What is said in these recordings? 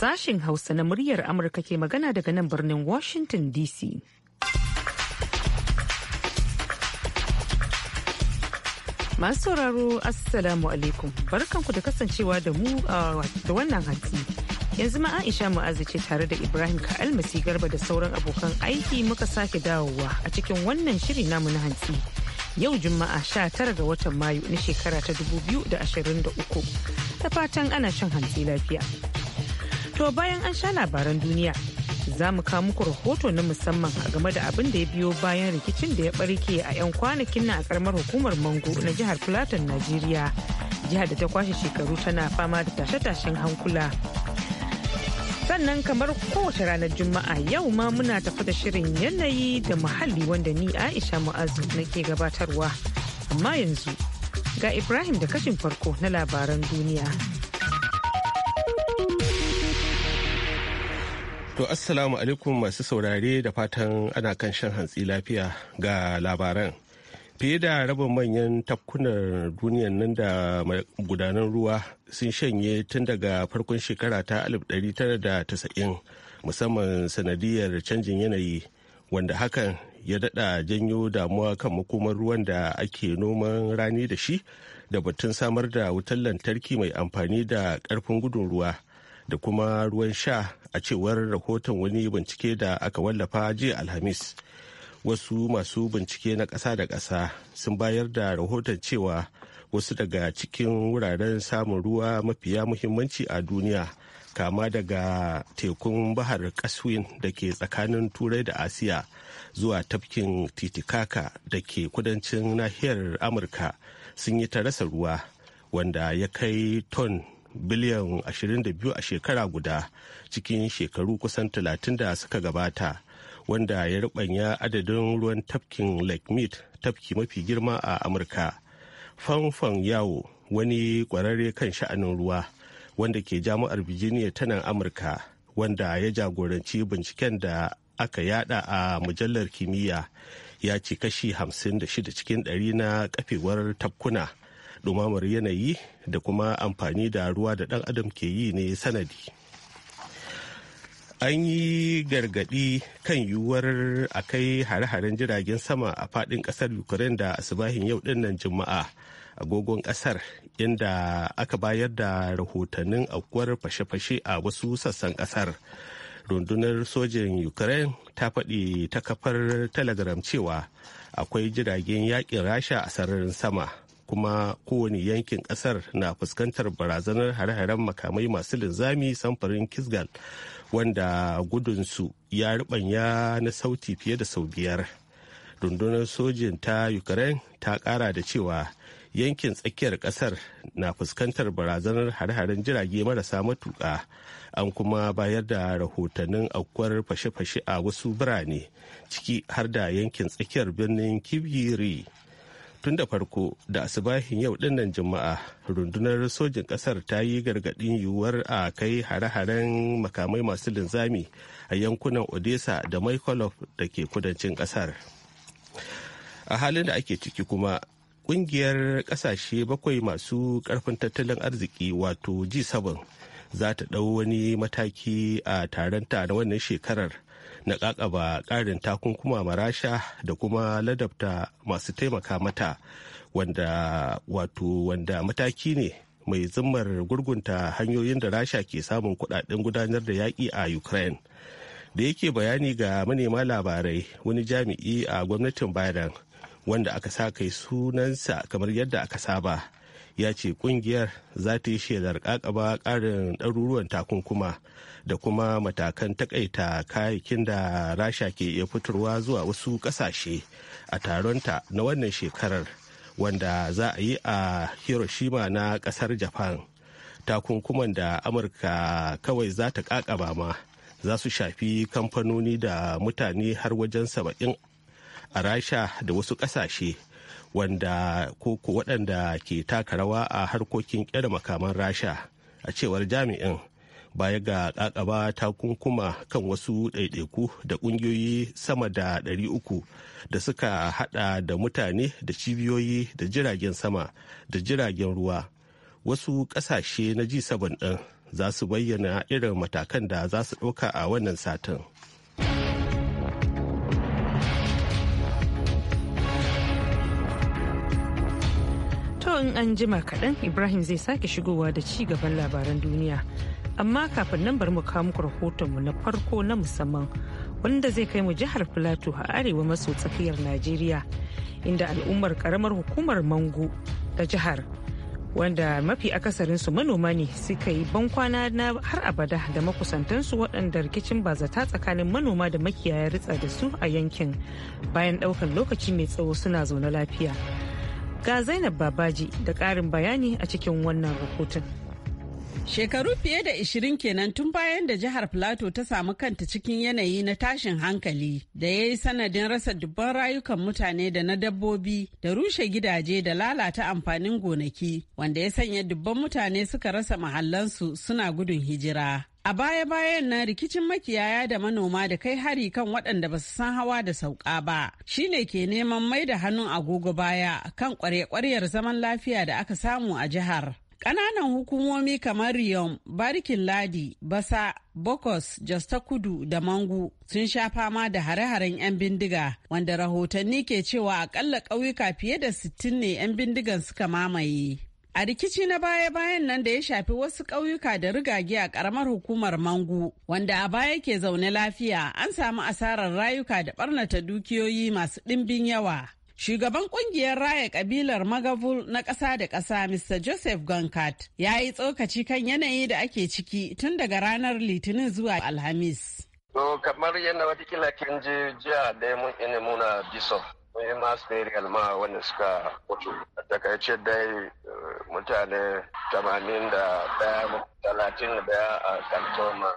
Sashen Hausa na muryar Amurka ke magana daga nan birnin Washington DC. Masu sauraro Assalamu alaikum barkanku da kasancewa da mu da wannan hantsi. Yanzu ma Aisha Mu'azu ce tare da Ibrahim masi Garba da sauran abokan aiki muka sake dawowa a cikin wannan shiri namu na hantsi. Yau Juma'a sha tara ga watan Mayu na shekara ta dubu biyu Da ashirin da uku ta fatan ana shan hantsi lafiya. To bayan an sha labaran duniya za mu kawo muku rahoto na musamman a game da abin da ya biyo bayan rikicin da ya barke a 'yan kwanakin na a karamar hukumar mango na jihar Plateau Najeriya. Jihar da ta kwashe shekaru tana fama da tashe-tashen hankula. Sannan kamar kowace ranar Juma'a yau ma muna tafi da shirin yanayi da muhalli wanda ni Aisha Mu'azu nake gabatarwa. Amma yanzu ga Ibrahim da kashin farko na labaran duniya. To assalamu alaikum masu saurare da fatan ana kan shan hantsi lafiya ga labaran. Fiye da rabin manyan tafkunan duniyan nan da gudanar ruwa sun shanye tun daga farkon shekara ta 1990 musamman sanadiyar canjin yanayi wanda hakan ya dada janyo damuwa kan makomar ruwan da ake noman rani da shi da batun samar da wutar lantarki mai amfani da karfin gudun ruwa da kuma ruwan sha a cewar rahoton wani bincike da aka wallafa jiya alhamis wasu masu bincike na ƙasa da ƙasa sun bayar da rahoton cewa wasu daga cikin wuraren samun ruwa mafiya muhimmanci a duniya kama daga tekun bahar kaswin da ke tsakanin turai da asiya zuwa tafkin titikaka da ke kudancin nahiyar amurka sun yi ta rasa ruwa wanda ya kai ton biliyan 22 a shekara guda cikin shekaru kusan 30 da suka gabata wanda ya rubanya adadin ruwan tafkin lake mead tafki mafi girma a amurka fanfan yawo wani kwararre kan sha'anin ruwa wanda ke jami'ar virginia ta nan amurka wanda ya jagoranci binciken da aka yada a mujallar kimiyya ya ce kashi 56 cikin 100 na kafewar tafkuna dumamar yanayi da kuma amfani da ruwa da dan adam ke yi ne sanadi an yi gargaɗi kan yiwuwar a kai hare-haren jiragen sama a faɗin ƙasar ukraine da asibahin yau ɗinnan juma'a agogon ƙasar inda aka bayar da rahotannin aukuwar fashe-fashe a wasu sassan ƙasar rundunar sojin ukraine ta faɗi ta kafar telegram cewa akwai jiragen yakin rasha a sararin sama kuma kowane yankin kasar na fuskantar barazanar hare-haren makamai masu linzami samfurin kisgal wanda gudunsu ya ribanya na sauti fiye da sau biyar rundunar sojin ta ukraine ta kara da cewa yankin tsakiyar kasar na fuskantar barazanar hare-haren jirage marasa matuƙa an kuma bayar da rahotannin aukuwar fashe-fashe a wasu birane ciki har da yankin tsakiyar birnin kibiri tun da farko da asibahin yau dinnan juma'a rundunar sojin kasar ta yi gargadin yiwuwar a kai hare-haren makamai masu linzami a yankunan odessa da maikolof da ke kudancin kasar a halin da ake ciki kuma kungiyar kasashe bakwai masu karfin tattalin arziki wato g7 za ta ɗau wani mataki a taronta na wannan shekarar na kakaba ƙarin takunkuma marasha da kuma ladabta masu taimaka mata wanda wato wanda mataki ne mai zimmar gurgunta hanyoyin da rasha ke samun kudaden gudanar da yaƙi a ukraine da yake bayani ga manema labarai wani jami'i a gwamnatin biden wanda aka sa kai sunansa kamar yadda aka saba ya ce kungiyar za ta yi shelar kakaba karin ɗaruruwan takunkuma da kuma matakan takaita kayakin da rasha ke iya fitarwa zuwa wasu kasashe a taronta na wannan shekarar wanda za a yi a hiroshima na kasar japan takunkuman da amurka kawai za ta kakaba ma za su shafi kamfanoni da mutane har wajen saba'in a rasha da wasu kasashe wanda koko waɗanda ke taka rawa a harkokin ƙera makaman rasha a cewar jami'in baya ga kakaba kunkuma kan wasu ɗaiɗaiku da ƙungiyoyi sama da 300 da suka hada da mutane da cibiyoyi da jiragen sama da jiragen ruwa wasu ƙasashe na ji 7 ɗin za su bayyana irin matakan da za su ɗauka a wannan satin. To in an jima kaɗan Ibrahim zai sake shigowa da ci gaban labaran duniya. amma kafin nan bari mu kawo muku rahotonmu na farko na musamman wanda zai kai mu jihar Filato a arewa maso tsakiyar Najeriya inda al'ummar karamar hukumar mango ta jihar wanda mafi akasarinsu manoma ne suka yi bankwana na har abada da makusantansu waɗanda rikicin bazata tsakanin manoma da makiyaya ritsa da su a yankin bayan ɗaukan lokaci mai tsawo suna zaune lafiya. Ga Zainab Babaji da ƙarin bayani a cikin wannan rahoton. Shekaru fiye da 20 kenan tun bayan da jihar Plateau ta samu kanta cikin yanayi na tashin hankali da ya yi sanadin rasa dubban rayukan mutane da na dabbobi da rushe gidaje da lalata amfanin gonaki wanda ya sanya dubban mutane suka rasa mahallansu suna gudun hijira. A baya-bayan nan, rikicin makiyaya da manoma da kai hari kan waɗanda ba su san hawa da sauka ba, shi ne ke neman mai da hannun agogo baya kan ƙwarya-ƙwaryar zaman lafiya da aka samu a jihar. Ƙananan hukumomi kamar Riyom, Barikin Ladi, Basa, Bokos, Jasta Kudu da Mangu sun sha fama da hare-haren 'yan bindiga, wanda rahotanni ke cewa akalla ƙauyuka fiye da sittin ne 'yan bindigan suka mamaye. A rikici na baya-bayan nan da ya shafi wasu ƙauyuka da rigage a ƙaramar hukumar Mangu, wanda a baya ke zaune lafiya, an samu asarar rayuka da ɓarnata dukiyoyi masu ɗimbin yawa. Shugaban kungiyar raya kabilar Magavul na ƙasa da ƙasa Mr. Joseph Gonkat ya yi tsokaci kan yanayi da ake ciki tun daga ranar Litinin zuwa Alhamis. To kamar yana watakila kin je jiya da mun ina muna biso. Mun yi masu burial alma wanda suka mutu. A takaice dai eh, mutane tamanin a kantoma.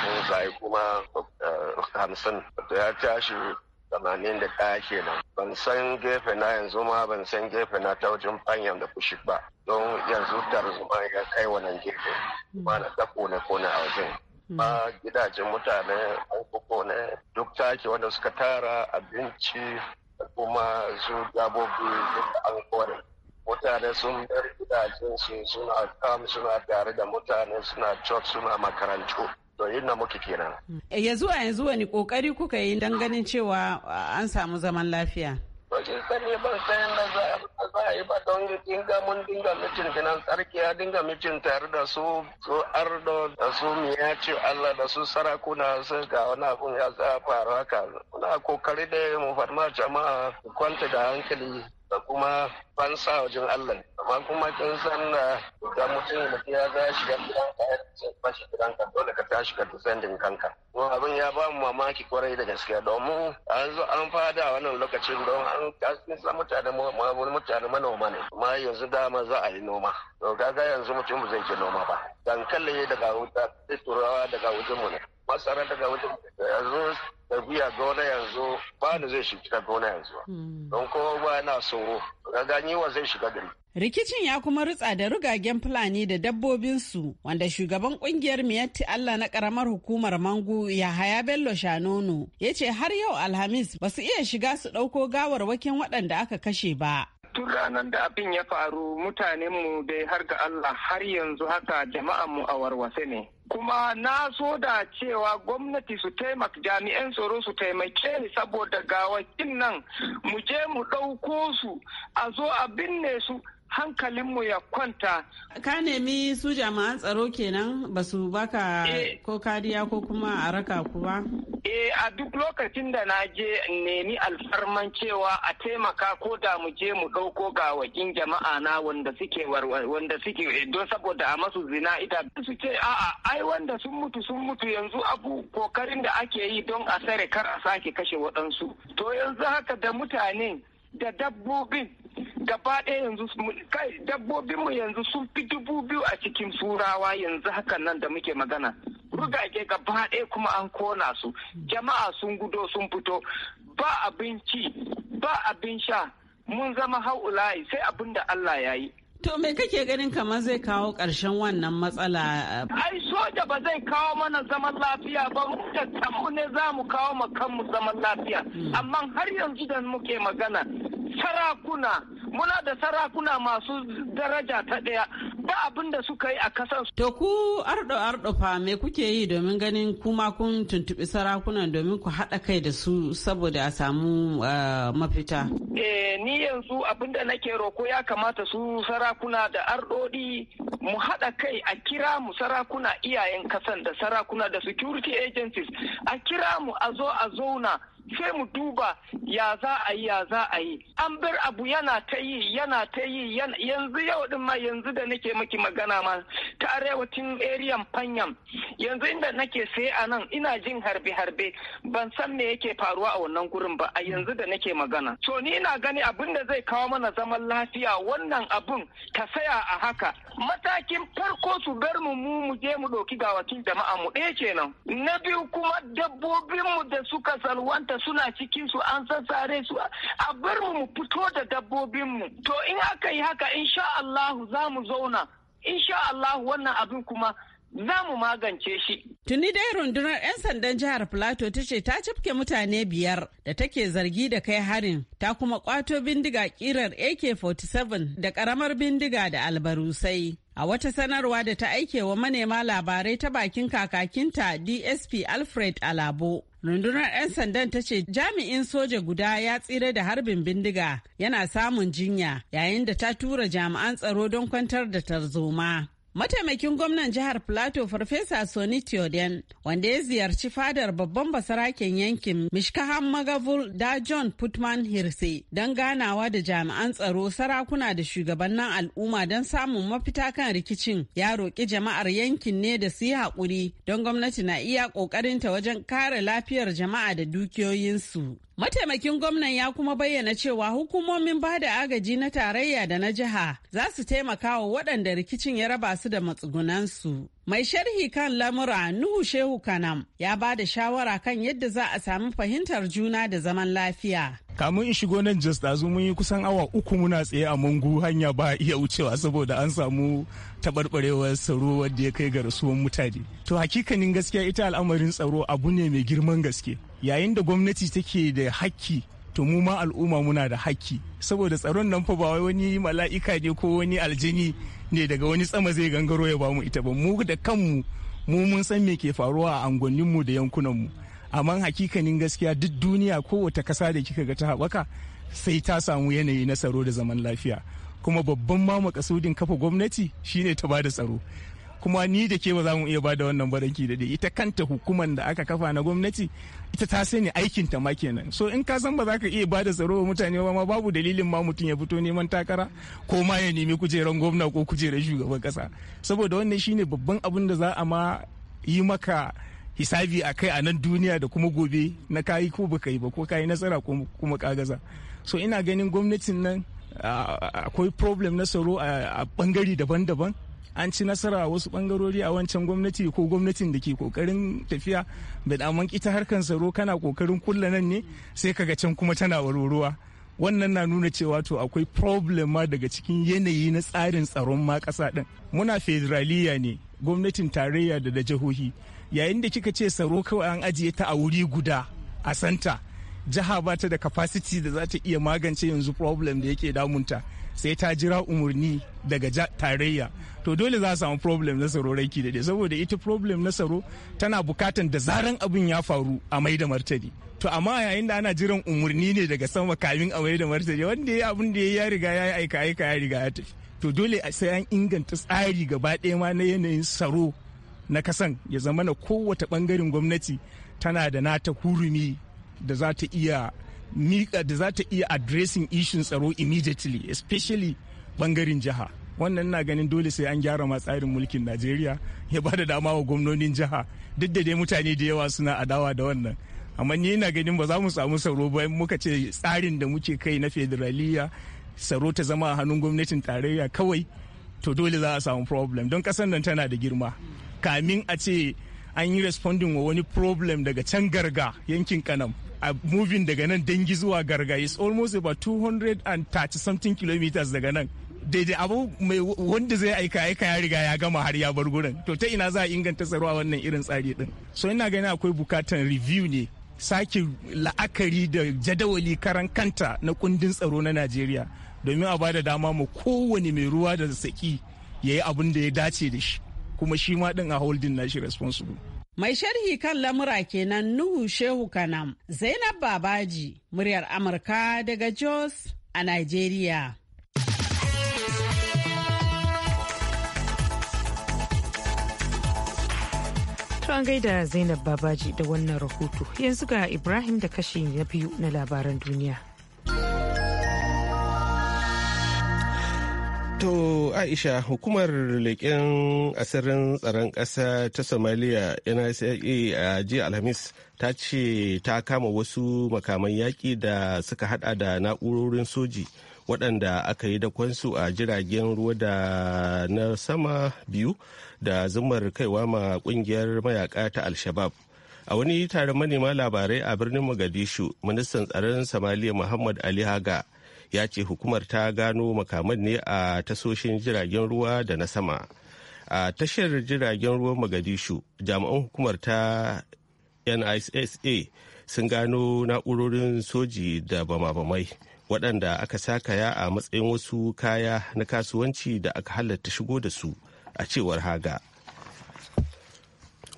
Sun eh, zai kuma eh, hamsin. Da ya tashi tamanin da ɗaya kenan ban san gefe na yanzu ma ban san gefe na ta wajen fanyan da kushi ba don yanzu tarzoma ya kai wannan gefe ba na ta kone kone a wajen hmm. ba gidajen mutane an kone duk taki wanda suka tara abinci kuma su gabobi an kone mutane sun bar gidajen su suna kam suna tare da mutane suna church suna makarantu to na muke kenan eh, ya zuwa yanzu wani kokari kuka yi don ganin cewa ah, an samu zaman lafiya bakin sani ban sayan da za a yi ba don dinga mun dinga mitin finan tsarki ya dinga mitin tare da su su ardo da su miya ce allah da su sarakuna sun ga wani abun ya faru haka muna kokari da mu farma jama'a kwanta da hankali da kuma fansa wajen Allah amma kuma kin san na ah, da mutum da ya za shiga gidan ka ba shi gidan ka dole ka tashi ka tsandin kanka kuma abin ya ba mu mamaki kwarai da gaskiya domin an zo an fada wannan lokacin don an kasin san mutane mutane manoma ne amma yanzu dama za a yi noma to kaga yanzu mutum zai ke noma ba dankali daga wuta turawa daga wajen mu ne masaran daga wajen yanzu tafiya gona yanzu ba ni zai shiga gona yanzu hmm. don kowa ba yana tsoro ga wa zai shiga gari Rikicin ya kuma rutsa da rugagen Fulani da dabbobinsu wanda shugaban kungiyar Miyatti Allah na karamar hukumar Mangu Yahaya Bello Shanono ya ce har yau Alhamis ba su iya shiga su ɗauko waken waɗanda aka kashe ba. tun ranar da abin ya faru mutanenmu dai har ga Allah har yanzu haka jama'anmu a warwase ne. Kuma na so da cewa gwamnati su taimaka jami'an tsaro su taimake ni saboda gawakin nan mu je mu ɗauko su a zo a binne su hankalinmu ya kwanta. Ka nemi su jami'an tsaro kenan ba su baka eh. ko kariya ko kuma a raka kuwa? Eh a duk lokacin da na je nemi alfarman cewa a taimaka ko da mu je mu ɗauko gawakin jama'a na wanda suke wanda suke eh, don saboda a masu zina ita su ce a'a ai wanda sun mutu sun mutu yanzu abu kokarin da ake yi don a sare kar a sake kashe waɗansu. To yanzu haka da mutane da dabbobin gaba ɗaya yanzu kai dabbobinmu yanzu sun fi dubu biyu a cikin turawa yanzu hakan nan da muke magana rugage gaba ɗaya kuma an kona su jama'a sun gudo sun fito ba abinci ba abin sha mun zama haulayi sai abin da Allah ya yi To me kake ganin kamar zai kawo ƙarshen wannan matsala? Ai soja ba zai kawo mana zaman lafiya ba mu da kanmu ne za mu kawo ma kanmu zaman lafiya. Hmm. Amma har yanzu da muke magana sarakuna muna da sarakuna masu daraja ta ɗaya ba abin da suka yi a kasar su. to ku ardo ardo fa me kuke yi domin ganin kuma kun tuntubi sarakunan domin ku haɗa kai da su saboda a samu eh, mafita eh ni yanzu abin da nake roko ya kamata su sarakuna da ardodi mu haɗa kai a kira mu sarakuna iyayen kasan da sarakuna da security agencies a kira mu a zo a zauna sai mu duba ya za a yi ya za a yi an bar abu yana ta yi yana ta yi yanzu yau din ma yanzu da nake maki magana ma ta arewacin eriyan fanyan yanzu inda nake sai a nan ina jin harbe harbe ban san me yake faruwa a wannan gurin ba a yanzu da nake magana so ni ina gani abin da zai kawo mana zaman lafiya wannan abun ta saya a haka matakin farko su bar mu mu mu je mu ɗauki gawakin jama'a mu ɗaya kenan na biyu kuma dabbobinmu da suka salwanta da suna cikin su an sassare su a bar mu mu fito da dabbobin mu to in aka yi haka insha Allah za mu zauna insha Allah wannan abin kuma za mu magance shi. Tuni dai rundunar 'yan sandan jihar Filato ta ce ta cafke mutane biyar da take zargi da kai harin ta kuma kwato bindiga kirar AK-47 da karamar bindiga da albarusai. A wata sanarwa da ta aike wa manema labarai ta bakin kakakinta DSP Alfred Alabo rundunar 'yan sandan ta ce jami'in soja guda ya tsira da harbin bindiga yana samun jinya yayin da ta tura jami'an tsaro don kwantar da tarzoma Mataimakin gwamnan jihar plato Farfesa Soni Theoden, wanda ya ziyarci fadar babban basaraken yankin Mishkahan Magavul da John Putman Hirse don ganawa da jami'an tsaro sarakuna da shugabannin al'umma don samun mafita kan rikicin ya roƙi jama'ar yankin ne da su yi haƙuri don gwamnati na iya ƙoƙarinta wajen kare lafiyar jama'a da dukiyoyinsu. Mataimakin gwamnan ya kuma bayyana cewa hukumomin ba da agaji na tarayya da na jiha za su taimaka wa waɗanda rikicin ya raba su da matsugunansu. Mai sharhi kan lamura Nuhu Shehu Kanam ya ba da shawara kan yadda za a sami fahimtar juna da zaman lafiya. kamun in shigo nan just ɗazu mun yi kusan awa uku muna tsaye a mungu hanya ba iya wucewa saboda an samu taɓarɓarewar tsaro wadda ya kai ga rasuwan mutane to hakikanin gaskiya ita al'amarin tsaro abu ne mai girman gaske yayin da gwamnati take da hakki to mu ma al'umma muna da hakki saboda tsaron nan fa ba wani mala'ika ne ko wani aljini ne daga wani tsama zai gangaro ya bamu ita ba mu da kanmu mu mun san me ke faruwa a mu da yankunanmu amma hakikanin gaskiya duk duniya ko wata kasa da kika ga ta haɓaka sai ta samu yanayi na tsaro da zaman lafiya kuma babban ma makasudin kafa gwamnati shine ta bada tsaro kuma ni da ke ba za mu iya ba da wannan baranki da dai ita kanta hukumar da aka kafa na gwamnati ita ta sani aikin ta ma kenan so in ka san ba za ka iya ba da tsaro wa mutane ba ma babu dalilin ma mutum ya fito neman takara ko ma ya nemi kujeran gwamna ko kujerar shugaban kasa saboda wannan shine babban abin da za a ma yi maka hisabi a kai a nan duniya da kuma gobe na kayi ko baka yi ba ko kayi nasara ko kuma kagaza so ina ganin gwamnatin nan akwai problem na tsaro a bangare daban-daban an ci nasara wasu bangarori a wancan gwamnati ko gwamnatin da ke kokarin tafiya da daman ita harkan tsaro kana kokarin kulla nan ne sai kaga can kuma tana warwaruwa wannan na nuna cewa to akwai problem ma daga cikin yanayi na tsarin tsaron ma kasa din muna federaliya ne gwamnatin tarayya da da jihohi yayin da kika ce tsaro kawai an ajiye ta a wuri guda a santa jiha ba ta da capacity da za ta iya magance yanzu problem da yake damunta sai ta jira umarni daga tarayya to dole za a samu problem na tsaro raiki da saboda ita problem na tsaro tana bukatan da zaran abin ya faru a mai da martani to amma yayin da ana jiran umarni ne daga sama kamin a mai da martani wanda ya abin da ya riga ya yi aika aika ya riga ya tafi to dole sai an inganta tsari gaba ɗaya ma na yanayin tsaro na kasan ya zama na kowace bangaren gwamnati tana da nata hurumi da za ta iya miƙa eh, da za ta iya addressing issues tsaro immediately especially bangaren jiha wannan na ganin dole sai an gyara ma tsarin mulkin najeriya ya ba da dama wa gwamnonin jiha duk da dai mutane da yawa suna adawa da wannan amma ni na ganin ba za mu samu tsaro ba muka ce tsarin da muke kai na federaliya tsaro ta zama a hannun gwamnatin tarayya kawai to dole za a samu problem don kasan nan tana da girma kamin a ce an yi responding wa wani problem daga can garga yankin kanam a moving daga nan dangi zuwa garga is almost about 230 something kilometers daga nan daidai abu mai wanda zai aika aika ya riga ya gama har ya bar gurin to ta ina za a inganta tsaro a wannan irin tsari din so ina ganin akwai bukatan review ne sake la'akari da jadawali karan kanta na kundin tsaro na najeriya domin a bada dama mu kowane mai ruwa da saki ya yi abin da ya dace da shi kuma shi ma din a holding shi responsible Mai sharhi kan lamura kenan Nuhu Shehu Kanam, Zainab Babaji, muryar Amurka daga Jos a Nigeria. To an gaida Zainab Babaji da wannan rahoto yanzu ga Ibrahim da kashi na biyu na labaran duniya. To Aisha hukumar leƙen asirin tsaron ƙasa ta Somalia NSA a ji Alhamis ta ce ta kama wasu makaman yaƙi da suka hada da na'urorin soji waɗanda aka yi dakwansu a jiragen ruwa da na sama biyu da zumar kaiwa ma ƙungiyar mayaƙa ta Al-Shabaab. a wani taron manema labarai a birnin mogadishu ministan tsaron samaliya muhammad ali haga ya ce hukumar ta gano makaman ne a tasoshin jiragen ruwa da na sama a tashar jiragen ruwan magadishu jami'an hukumar ta nisa sun gano na'urorin soji da bama-bamai waɗanda aka sakaya a matsayin wasu kaya na kasuwanci da aka halatta shigo da su a cewar haga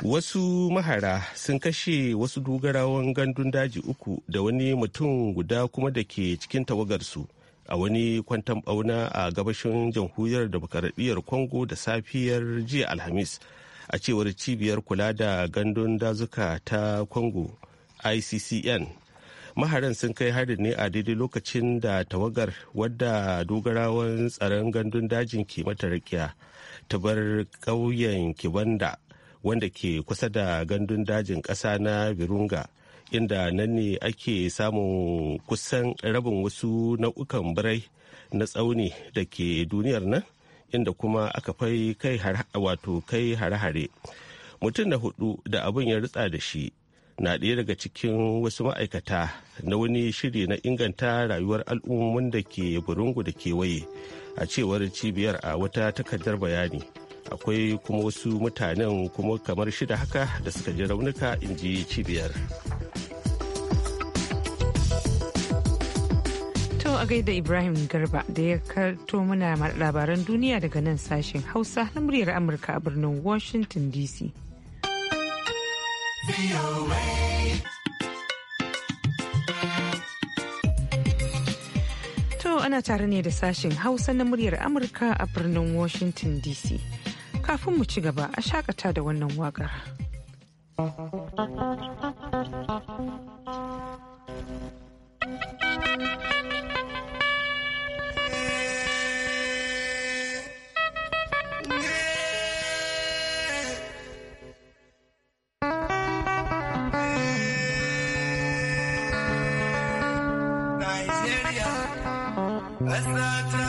wasu mahara sun kashe wasu dogarawan gandun daji uku da wani mutum guda kuma da ke cikin tawagarsu a wani kwantan bauna a gabashin jamhuriyar demokaradiyyar kongo da safiyar jiya alhamis a cewar cibiyar kula da gandun dazuka ta kongo iccn maharan sun kai harin ne a daidai lokacin da tawagar wadda dogarawan tsaron gandun dajin ke mata rakiya ta bar ƙauyen kibanda wanda ke kusa da gandun dajin ƙasa na virunga inda nan ne ake samun kusan rabin wasu nau'ukan birai na tsauni da ke duniyar nan inda kuma aka fai kai wato kai hare-hare mutum na hudu da abin ya rutsa da shi na ɗaya daga cikin wasu ma'aikata na wani shiri na inganta rayuwar al'ummomin da ke burungu da kewaye a cewar cibiyar a wata takardar bayani akwai kuma wasu mutanen kuma kamar shida haka da suka ji raunuka in ji cibiyar a gaida Ibrahim Garba da ya karto muna labaran duniya daga nan sashen Hausa na muryar Amurka a birnin Washington DC. To ana tare ne da sashen Hausa na muryar Amurka a birnin Washington DC. kafin mu ci gaba a shakata da wannan wakar. Nigeria,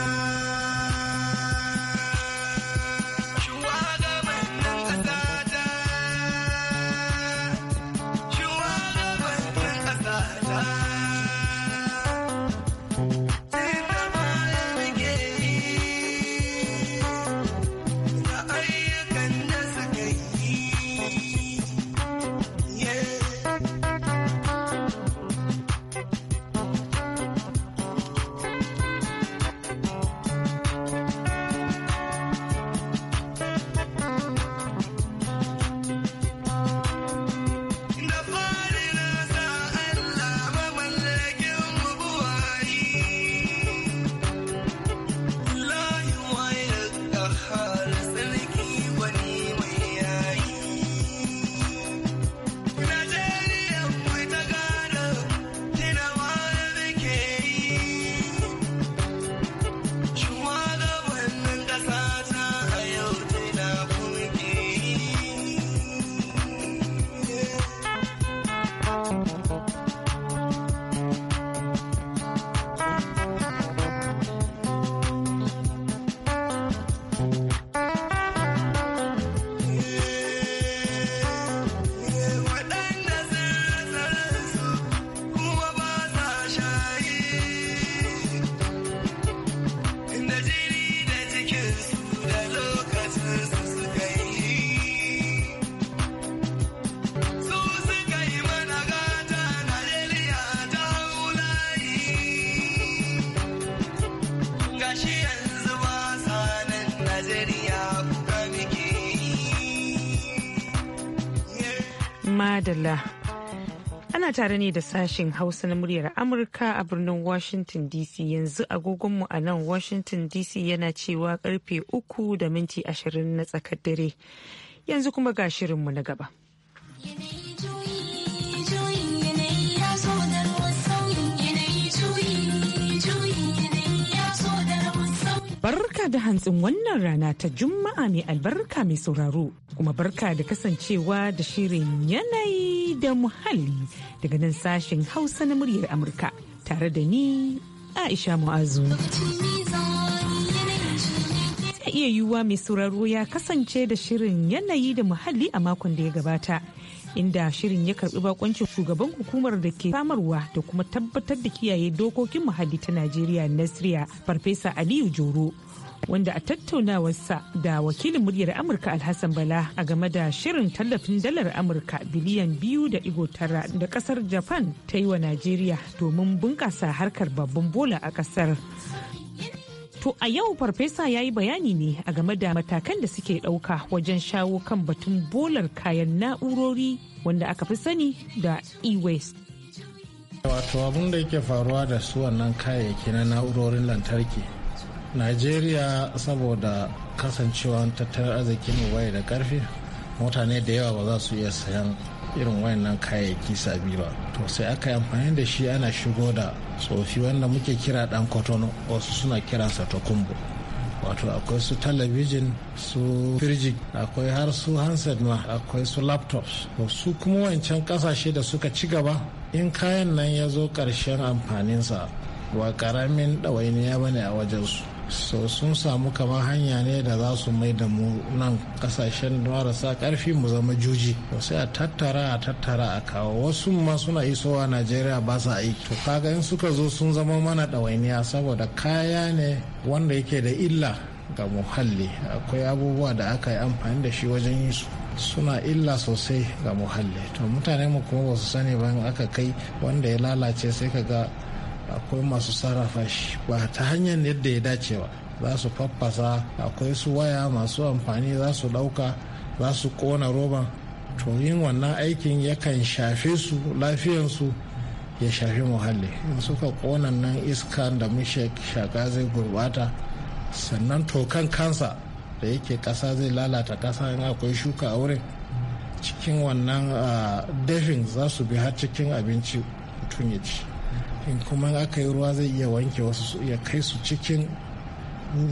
madalla. Ana tare ne da sashen Hausa na muryar Amurka a birnin Washington DC yanzu agogonmu a nan Washington DC yana cewa karfe uku da minti ashirin na tsakar dare. Yanzu kuma ga shirinmu na gaba. da hantsin wannan rana ta Juma'a mai albarka mai sauraro, kuma barka da kasancewa da shirin yanayi da muhalli daga nan sashen Hausa na muryar Amurka tare da ni Aisha Mu'azu. Ta iya yiwuwa mai sauraro ya kasance da shirin yanayi da muhalli a makon da ya gabata. inda shirin ya karbi bakoncin shugaban hukumar da ke samarwa da kuma tabbatar da kiyaye dokokin muhalli ta Najeriya Nasriya Farfesa Aliyu Joro wanda a tattaunawarsa da wakilin muryar amurka alhassan bala a game da shirin tallafin dalar amurka biliyan biyu da igo tara da kasar japan ta yi wa najeriya domin bunkasa harkar babban bola a kasar To a yau farfesa ya yi bayani ne a game da matakan da suke ɗauka wajen shawo kan batun bolar kayan na'urori wanda aka fi sani da e-waste. Wato abin da yake faruwa da su wannan kayayyaki na na'urorin lantarki najeriya saboda kasancewa tattalin arzikin mu bai da karfi mutane da yawa ba za su iya sayan irin wayannan kayayyaki sabi ba to sai aka yi amfani da shi ana shigo da tsofi wanda muke kira dan kotono wasu suna kiransa tokumbo wato akwai su talabijin su firji akwai har su handset ma akwai su laptops su kuma wancan kasashe da suka ci gaba in kayan nan ya zo karshen amfaninsa ba ƙaramin ɗawainiya ba ne a wajensu so sun samu kamar hanya ne da za su mai da mu nan kasashen marasa karfi mu zama juji to sai a tattara a tattara a kawo wasu ma suna isowa najeriya ba sa aiki to kaga in suka zo sun zama mana ɗawainiya saboda kaya ne wanda yake da illa ga muhalli akwai abubuwa da aka yi amfani da shi wajen yi suna illa sosai ga muhalli to mutane mu kuma ba su sani ba aka kai wanda ya lalace sai ka ga akwai masu sarrafa shi ba ta hanyar yadda ya dace ba za su faffasa akwai su waya masu amfani za su ɗauka za su ƙona roban to yin wannan aikin yakan shafe su lafiyansu ya shafi muhalli in suka ƙona nan iska da mushe shaka zai gurbata sannan tokan kansa da yake ƙasa zai lalata ƙasa in akwai shuka a wurin cikin wannan ah, dafin za su bi har cikin abinci mutum ya ci in kuma aka yi ruwa zai iya wanke wasu ya kai su cikin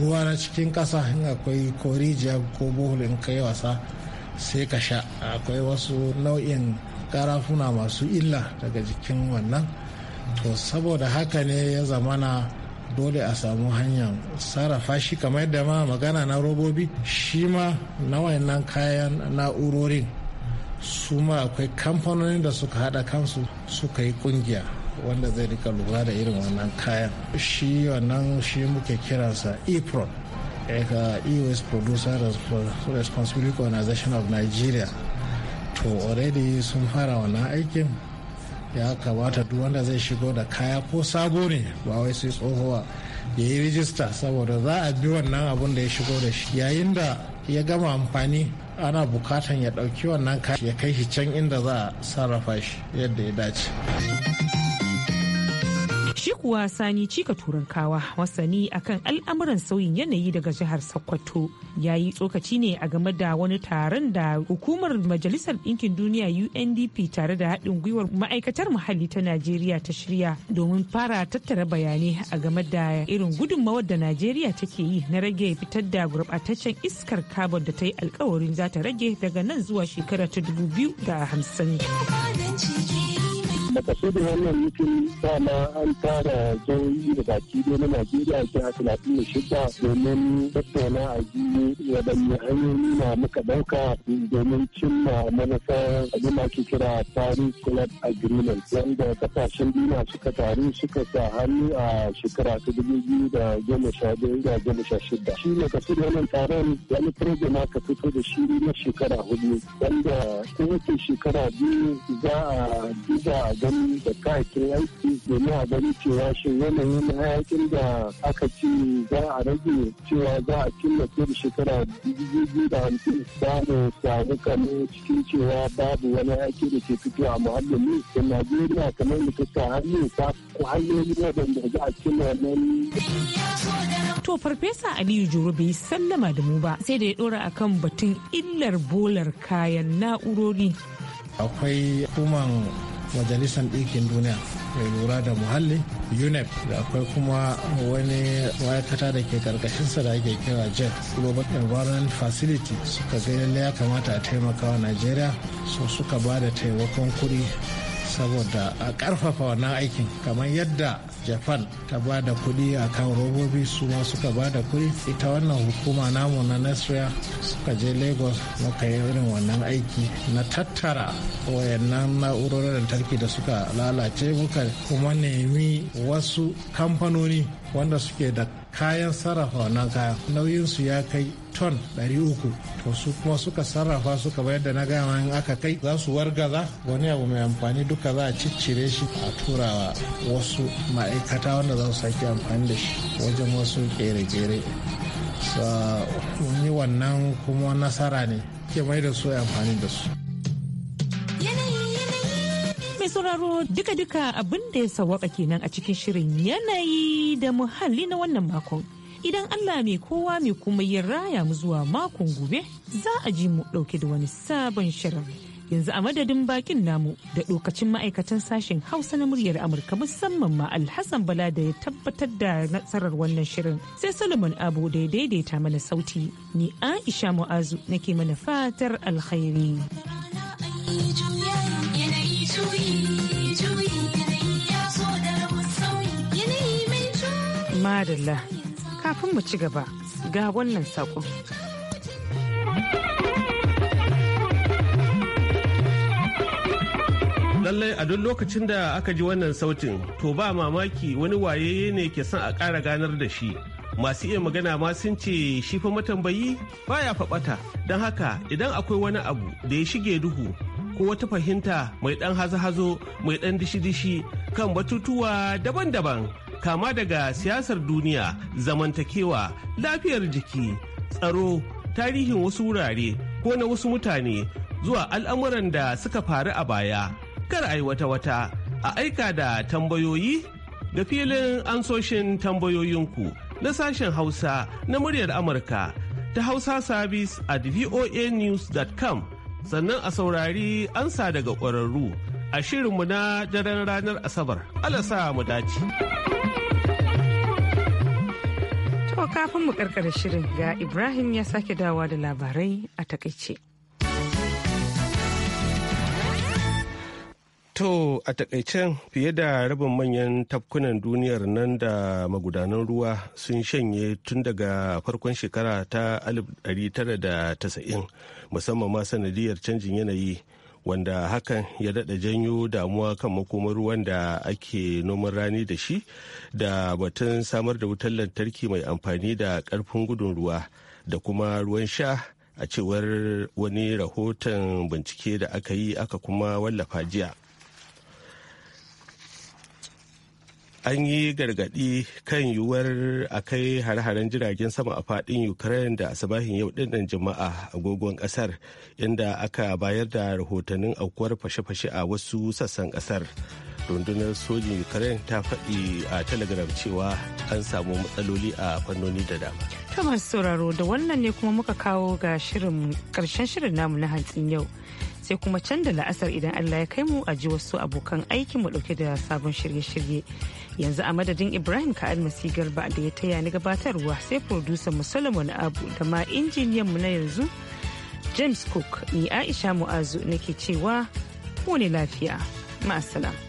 ruwa na cikin ƙasa in akwai ko rijiya ko bohol in kai wasa sai ka sha akwai wasu nau'in karafuna masu illa daga jikin wannan to saboda haka ne ya zamana dole a samu hanyar sarrafa shi kamar yadda ma magana na robobi shi ma na wayannan kayan na'urorin su ma akwai kamfanonin da suka hada kansu suka yi kungiya wanda zai rika lura da irin wannan kayan shi wannan shi muke kiransa epron eka eos producer responsibility organization of nigeria to already sun fara wannan aikin ya kamata duk wanda zai shigo da kaya ko sabo ne ba wai sai tsohuwa ya yi rijista saboda za a bi wannan abun da ya shigo da shi yayin da ya gama amfani ana bukatan ya dauki wannan kaya ya kai shi can inda za a sarrafa shi yadda ya dace. Shi kuwa Sani Cika Turankawa wasani akan al'amuran sauyin yanayi daga jihar Sokoto ya yi tsokaci ne a game da wani taron da hukumar Majalisar Ɗinkin Duniya UNDP tare da haɗin gwiwar ma'aikatar muhalli ta Najeriya ta shirya domin fara tattara bayanai a game da irin gudunmawar da Najeriya take yi na rage fitar da gurɓataccen iskar carbon da ta yi alkawarin za ta rage daga nan zuwa shekara ta dubu biyu da 2050. makasudin wannan mutum dama an fara jihohi da baki da na najeriya a talatin da shida domin tattauna a ji waɗanne hanyoyi na muka ɗauka domin cimma manufar abin ake kira paris club agreement wanda kasashen duniya suka taru suka sa hannu a shekara ta dubu biyu da goma sha biyu da goma sha shida shi da wannan taron wani program aka fito da shi na shekara hudu wanda kowace shekara biyu za a duba kuɗi da ka ke aiki domin a gani cewa shi yanayin hayakin da aka ci za a rage cewa za a killace da shekara dubu da hamsin za mu samu kanu cikin cewa babu wani aiki da ke fito a muhallin da najeriya kamar da ta hannu ta ku hanyoyi waɗanda za a cilla wannan To Farfesa Aliyu Juru bai sallama da mu ba sai da ya dora akan batun illar bolar kayan na'urori. Akwai human majalisar ɗinkin duniya mai lura da muhalli unep da akwai kuma wani ma'aikata da ke karkashinsa da ake kira jet global environment facility suka ga ya kamata a taimaka wa najeriya so suka ba da taimakon kuɗi saboda a karfafa wannan aikin kamar yadda japan ta ba da kuɗi a kan robobi su ma suka ba da kuɗi ita wannan hukuma namu na nasiriya suka je lagos muka yi irin wannan aiki na tattara wayannan na'urorin lantarki da suka lalace muka kuma nemi wasu kamfanoni wanda suke da kayan sarrafa wannan kayan nauyinsu ya kai ton 300 to su kuma suka sarrafa suka bayar da na gama in aka kai za su wargaza wani abu mai amfani duka za a ciccire shi a turawa wasu ma'aikata wanda za su sake amfani da shi wajen wasu kere-kere yi wannan kuma nasara ne ke mai da su amfani da su mai sauraro duka-duka abin da ya sawaka kenan a cikin shirin yanayi da muhalli na wannan makon idan Allah mai kowa mai kuma ya raya mu zuwa makon gobe za a ji mu ɗauke da wani sabon shirin. Yanzu a madadin bakin namu da ɗokacin ma'aikatan sashen Hausa na muryar Amurka musamman ma Alhassan Bala da ya tabbatar da nasarar wannan shirin sai Solomon Abu da ya daidaita mana sauti. Ni Aisha Mu'azu nake mana fatar alkhairi. Madalla kafin mu ci gaba ga wannan saƙon. lallai a duk lokacin da aka ji wannan sautin to ba mamaki wani waye ne ke son a ƙara ganar da shi masu iya magana ma sun ce shi fa matambayi ba ya faɓata don haka idan akwai wani abu da ya shige duhu ko wata fahimta mai ɗan hazo-hazo mai ɗan dishi-dishi kan batutuwa daban-daban kama daga siyasar duniya zamantakewa lafiyar jiki tsaro tarihin wasu wurare ko na wasu mutane zuwa al'amuran da suka faru a baya kar a yi wata-wata a aika da tambayoyi da filin ansoshin tambayoyinku na sashen hausa na muryar amurka ta hausa service at voanews.com sannan a saurari ansa daga ƙwararru a shirinmu na daren ranar asabar alasa mu dace. To kafin mu karkar shirin ga Ibrahim ya sake dawa da labarai a takaice. To a takaicen fiye da rabin manyan tafkunan duniyar nan da magudanan ruwa sun shanye tun daga farkon shekara ta 1990 musamman ma sanadiyar canjin yanayi wanda hakan ya daɗa janyo damuwa kan makomar ruwan da ake noman rani da shi da batun samar da wutar lantarki mai amfani da karfin gudun ruwa da kuma ruwan sha a cewar wani rahoton bincike da aka yi aka kuma wallafa jiya. an yi gargaɗi kan yiwuwar a kai hare-haren jiragen sama a faɗin ukraine da asabahin yau ɗinnan jama'a agogon ƙasar inda aka bayar da rahotannin aukuwar fashe-fashe a wasu sassan ƙasar rundunar sojin ukraine ta faɗi a telegram cewa an samu matsaloli a fannoni da dama kamar sauraro da wannan ne kuma muka kawo ga shirin karshen shirin namu na hantsin yau sai kuma can la'asar idan Allah ya kai mu a ji wasu abokan aikin mu dauke da sabon shirye-shirye. Yanzu a madadin Ibrahim ka almasi garba da ya taya ni gabatarwa sai producer mu Solomon Abu da ma injiniyan mu na yanzu James Cook ni Aisha Mu'azu nake cewa mu ne lafiya. Ma'asala.